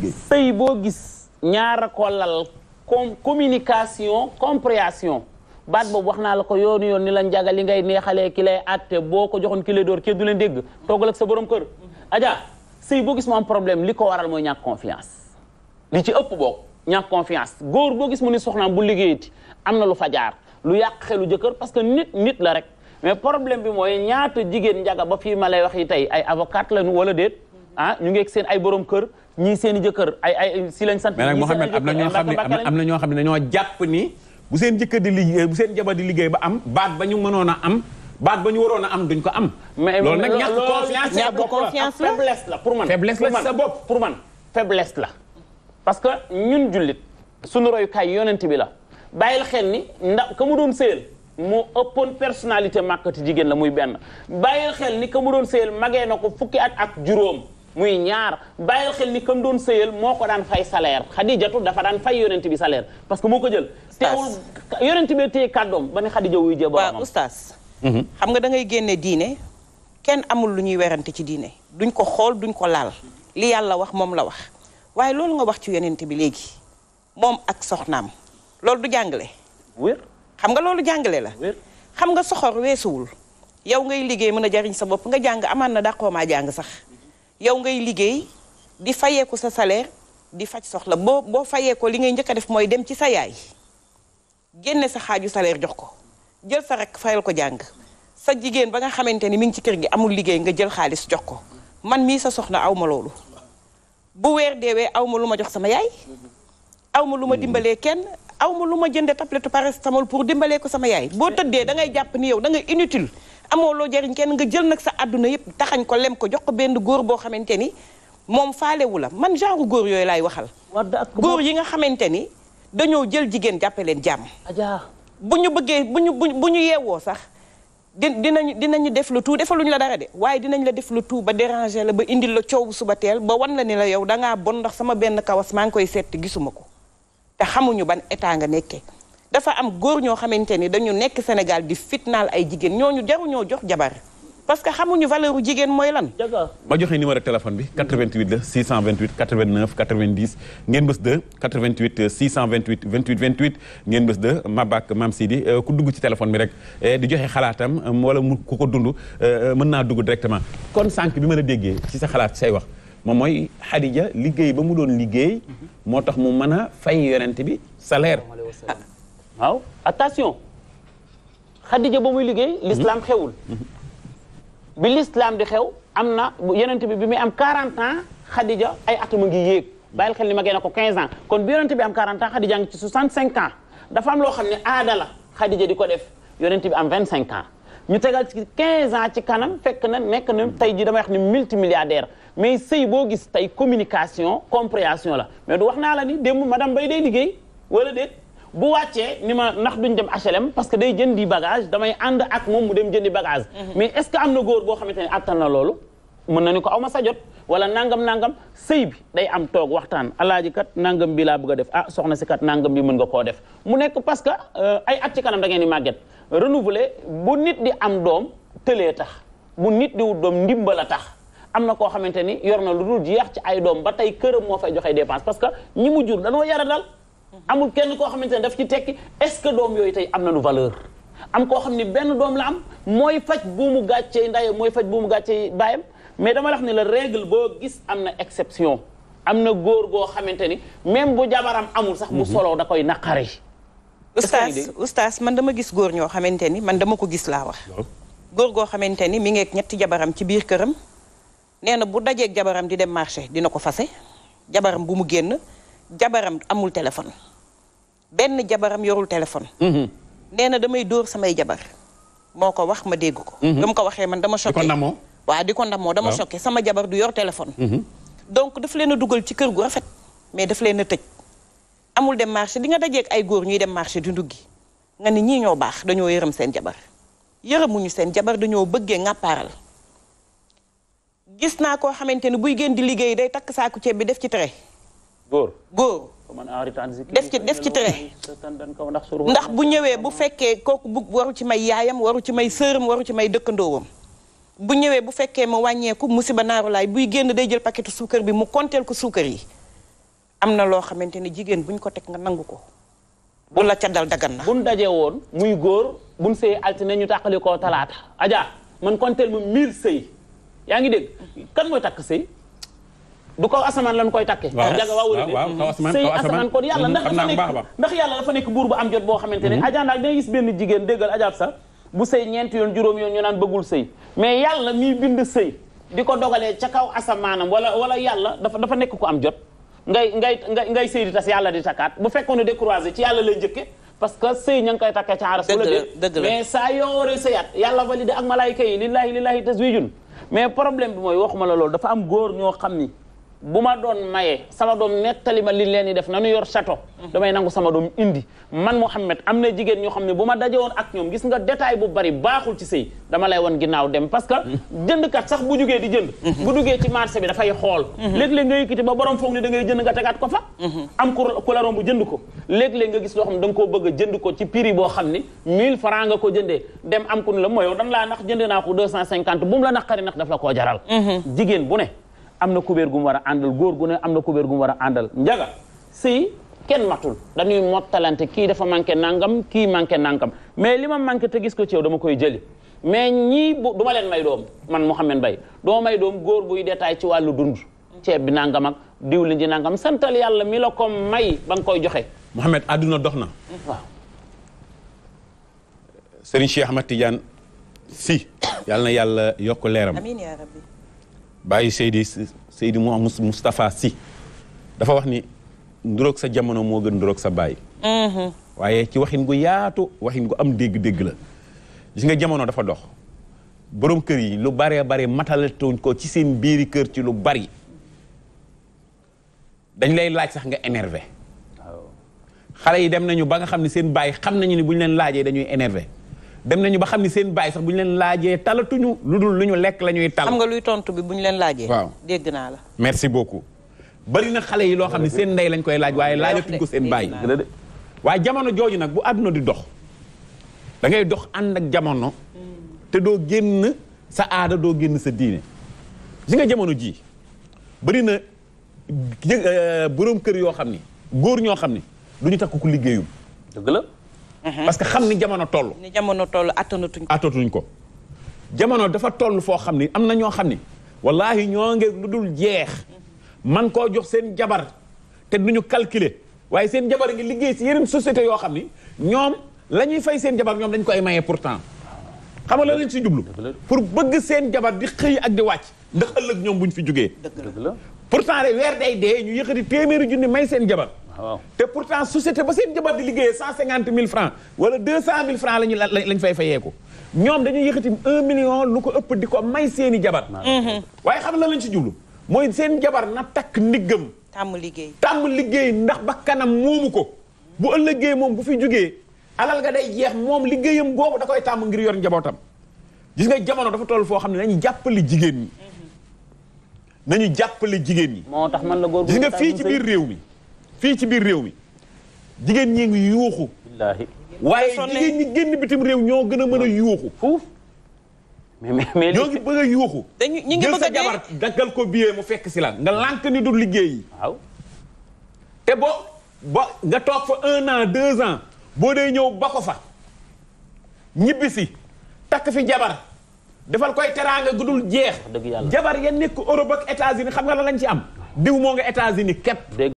liggéey. sëy boo gis ñaara ko lal communication compréhension baat boobu wax naa la ko yoonu yoon ni la njaga li ngay neexalee ki lay àtte boo ko joxoon ki lay door kii du leen dégg toogal ak sa borom kër. Adja sëy boo gis moom am problème li ko waral mooy ñàkk confiance li ci ëpp boo ñàkk confiance góor boo gis mu ni soxnaam bu liggéeyati am na lu fajaar lu yàq xelu jëkkër parce que nit nit la rek. mais problème bi mooy ñaata jigéen njaga ba fii ma lay wax yi tey ay avocat lañu wala déet ah ñu ngi seen ay borom kër ñii seen i jëkkër ay ay si lañ sant. mais nag Mouhamed am na ñoo xam ne am na ñoo xam ne dañoo jàpp ni bu seen jëkkër di liggéey bu seen jabar di liggéey ba am baat ba ñu mënoon a am baat ba ñu waroon am duñ ko am. loolu nag ñàkk confiance la ñàkk la pour man. faiblesse la sa bopp pour man faiblesse la. parce que ñun jullit suñu royukaay yonent bi la bàyyil xel ni ndax ka mu doon sëyal moo ëppoon personnalité màkkati jigéen la muy benn bàyyil xel ni ka mu doon sëyal magee na ko fukki at ak juróom muy ñaar bàyyil xel ni kam doon sëyal moo ko daan fay salaire xadijatu dafa daan fay yonent bi salaire parce que moo ko jël teewul yonent bi téye kàddoom ba ne xadija wuy jë waaw oustaz mhm. xam nga da ngay génne diine kenn amul lu ñuy werante ci diine duñ ko xool duñ ko laal li yàlla wax moom la wax waaye loolu nga wax ci yonent bi léegi moom ak soxnaam loolu du jàngale wér xam nga loolu jàngale la xam nga soxor weesuwul yow ngay liggéey mën a jariñ sa bopp nga jàng amaan na dàqoomaa jàng sax yow ngay liggéey di fayeeku sa saleer di faj soxla boo boo fayeekoo li ngay njëkk a def mooy dem ci sa yaay génne sa xaaju salaire jox ko jël sa rekk fayal ko jàng sa jigéen ba nga xamante ni mi ngi ci kër gi amul liggéey nga jël xaalis jox ko man mii sa soxna aw ma loolu bu weer deewee aw ma lu ma jox sama yaay aw ma lu ma dimbalee kenn aw ma lu ma jënde tablette paracétamol pour dimbalee ko sama yaay boo tëddee da ngay jàpp ni yow da ngay inutile amoo loo jariñ kenn nga jël nag sa àdduna yëpp taxañ ko lem ko jox ko benn góor boo xamante ni moom faalewu la man genre góor yooyu laay waxal. góor yi nga xamante ni dañoo jël jigéen jàppe leen jàmm. bu ñu bëggee bu ñu bu ñu yeewoo sax di dinañu dinañu def lu tout defaluñ la dara de waaye dinañ la def lu tout ba déranger la ba indil la coow bu suba teel ba wan la ni la yow dangaa bon ndax sama benn kawas maa ngi koy seet gisuma ko te xamuñu ban état nga nekkee. dafa am góor ñoo xamante ni dañu nekk Sénégal di fitnaal ay jigéen ñooñu jaruñoo jox jabar parce que xamuñu valeur u jigéen mooy lan. ma joxe numéro téléphone bi 88 la 628 89 90 ngeen bës de 88 628 28 28 ngeen bës de Mabak Mam Sidi euh, ku dugg ci téléphone bi rek euh, di joxe xalaatam euh, wala mu ku ko dund mën naa dugg directement. kon sànq bi ma la déggee ci sa xalaat say wax moom mooy Xadija liggéey ba mu doon liggéey moo tax mu mën a fay yonent bi salaire. waaw attention xadija ba muy liggéey mhm. l'islam xewul bi l'islam di xew am na yonent bi bi muy am 40 ans xadija ay atama ngi yéeg bàyyil xel ni ma génne ko 15 ans kon bi yonent bi am 40 ans xadija ngi ci 65 ans dafa am loo xam ne aada la xadija di ko def yonent bi am 25 ans ñu tegal ci 15 ans ci kanam fekk na nekk na mhm. tey jii damay wax ne multimilliardaire mais sëy boo gis tey communication compréhension la mais du wax naa la ni démb liggéey bu wàccee ni ma ndax duñ dem HLM parce que day jëndi bagage damay ànd ak moom mu dem jëndi bagage. Mhm. mais est-ce que am na góor boo xamante ne attan na loolu. mën na ni ko aw ma sa wala nangam nangam sëy bi day am toog waxtaan alaaji kat nangam bi laa bëgg def ah soxna si kat nangam bi mën nga koo def mu nekk parce que euh, ay at ci kanam da ngeen di màgget renouveler bu nit di am doom tëlee tax bu nit di wut doom ndimbal a tax am na koo xamante ni yor na lu dul jeex ci ay doom ba tey këram moo fay joxe dépense parce que ñi mu jur danoo yara dal amul kenn koo xamante ne daf ci tekki est-ce que doom yooyu tey am na nu valeur am koo xam ni benn doom la am mooy faj buumu gàccee ndayam mooy faj bu mu gàccee baayam mais dama wax ni la règle boo gis am na exception am na góor goo xamante ni même bu jabaram amul sax bu mhm. solo da koy naqari. ustaas ustaas man dama gis góor ñoo xamante ni man dama ko gis laa wax. góor goo xamante ni mi ngi ñetti jabaram ci biir këram nee na bu dajeeg jabaram di dem marché dina ko fase jabaram bu mu génn jabaram amul téléphone. benn jabaram yorul téléphone. Mhm. nee na damay dóor samay jabar. moo ko wax ma dégg ko. Mhm. ba mu ko waxee man dama choqué. di ko waaw di ko ndamoo dama choqué sama jabar du yor téléphone. Mhm. donc dafa leen a dugal ci kër gu rafet. mais daf leen a tëj. amul dem marché di nga dajeeg ay góor ñuy dem marché di nduggi nga ni ñii ñoo baax dañoo yërëm seen jabar. yërëmuñu seen jabar dañoo bëggee ŋàppaaral. gis naa koo xamante ne buy génn di liggéey day takk saaku ceeb bi def ci tere. góor góor. def ci def ci tere ndax bu ñëwee bu fekkee kooku bu waru ci may yaayam waru ci may sëram waru ci may dëkkandoowam bu ñëwee bu fekkee mu wàññeeku musiba naaru laay buy génn day jël paquetu suukar bi mu konteel ko suukar yi am na loo xamante ne jigéen buñ ko teg nga nangu ko bu la ca dal dagan na buñ dajee woon muy góor buñ sëy altine ñu tàqali koo talaata Adja man konteel mu 1000 sëy yaa ngi dégg kan mooy takk sëy du kaw asamaan lan koy takke jaga waaw sëy asamaan kon yàlla mm-hmm. ndax dafa nekk ndax yàlla dafa nekk buur bu am jot boo xamante ne mm-hmm. ajaa ndaag danga gis benn jigéen déggal ajaat sax bu sëy ñeenti yoon juróom yoon ñu naan bëggul sëy mais yàlla miy bind sëy di ko dogalee ca kaw asamaanam wala wala yàlla dafa dafa nekk ku am jot ngay ngay ngay ngay sëy di tas yàlla di takkaat bu fekkoon ne décroisé ci yàlla lay njëkke parce que sëy ña ngi koy takkee ca aras wala dé mais saa yoo waree sëyaat yàlla validé ak malaayka yi lillahi lillahi taswijun mais problème bi mooy waxuma la loolu dafa am góor ñoo xam ni bu ma doon maye sama doom nettali ma li leen di def nanu yor château mhm. damay nangu sama doom indi man Mouhamed am na jigéen ñoo xam ne bu ma dajee woon ak ñoom gis nga détail bu bari baaxul ci sëy dama lay woon ginnaaw dem parce que mhm. jëndkat sax bu jugee di jënd mhm. bu duggee ci marché bi dafay xool léeg-léeg nga yëkkati ba borom da ngay jënd nga tegaat ko fa am ku ko léeg-léeg nga gis loo xam ne da nga koo bëgg jënd ko ci prix boo xam ne 1000 francs nga ko jëndee dem am ku ne la mooyow dan laa nax jënd naa ko 250 bu mu la naqari nax daf la koo jaral jigéen bu ne am na kubéer gu mu war a àndal góor gu ne am na kubéer gu mu war a àndal njaga si kenn matul dañuy mottalante kii dafa manqué nangam kii manqué nangam mais li ma manqué te gis ko ci dama koy jëli mais ñii bu du ma leen may doom man Mouhamed Mbaye doo may doom góor buy détail ci wàllu dund ceeb bi nangam ak diwlin ji nangam santal yàlla may ba koy joxe. Mouhamed àdduna dox na. waaw. Serigne yàlla yokk leeram. amiin bàyyi Seydi Seydi mu am Moustapha Sy dafa wax ni nduroog sa jamono moo gën nduroog sa baay. Mm-hmm. waaye ci waxin gu yaatu waxin gu am dégg-dégg la gis nga jamono dafa dox boroom kër yi lu baree bare matalatuñ ko ci seen biiri kër ci lu bari dañ lay laaj sax nga énervé xale yi dem nañu ba nga xam ne seen baay xam nañu ne bu ñu leen laajee dañuy énervé dem nañu ba xam ni seen baay sax bu ñu leen laajee talatuñu lu dul lu ñu lekk la ñuy tal. xam nga luy tontu bi bu ñu leen laajee. waaw dégg naa la. merci beaucoup. bari na xale yi loo xam ne seen ndey lañ koy laaj waaye laajatuñ ko seen baay. waaye jamono jooju nag bu àdduna di dox da ngay dox ànd ak jamono. te doo génn sa aada doo génn sa diine. li nga jamono jii bari na euh, borom kër yoo xam ni góor ñoo xam ni du ñu takk ku liggéeyum. Mhm. parce que xam ni jamono toll. ni jamono toll attanatuñ ko. ko jamono dafa toll foo xam ni am na ñoo xam ni wallaahi ñoo ngi lu dul jeex mhm. man koo jox seen jabar te duñu ñu calculer waaye seen jabar ngi liggéey si yeneen société yoo xam ni ñoom lañuy ñuy fay seen jabar ñoom dañ koy maye temps xam nga lañ si jublu pour bëgg seen jabar di xëy ak di wàcc ndax ëllëg ñoom bu ñu fi jógee. dëgg la pourtant rek weer day dee ñu yëkkati téeméeri junni may seen jabar. Ah, waaw te pourtant société ba seen jabar di liggéeyee cent cinquante mille francs wala deux cent mille francs lañu lañ fay fayeeku ñoom dañuy yëkkati un million lu ko ëpp di ko may seen i jabar ah. mm-hmm. waaye xam la lañ si jublu mooy seen jabar na takk ndiggam tàmm liggéey tàmm liggéey ndax ba kanam moomu ko bu ëllëgee moom bu fi jógee alal nga day jeex moom liggéeyam boobu da koy tàmm ngir yor njabootam gis nga jamono dafa toll foo xam ne nañu jàppale jigéen ñi mm-hmm. nañu jàppale jigéen ñi moo tax man la góor gis nga fii ci biir réew mi fii ci biir réew mi jigéen ñi ngi yuuxu waaye jigéen ñi génn bitim réew ñoo gën a mën a yuuxu fuuf ñoo ngi bëgg a yuuxu ñi ngi bëgg a jabar daggal ko biyee mu fekk si la nga lank ni du liggéey yi te bo ba nga toog fa un an deux ans boo dee ñëw ba ko fa ñibbisi takk fi jabar defal koy teraanga dul jeex jabar ya nekk Europe ak États-Unis xam nga la lañ ci am diw moo nga États-Unis képp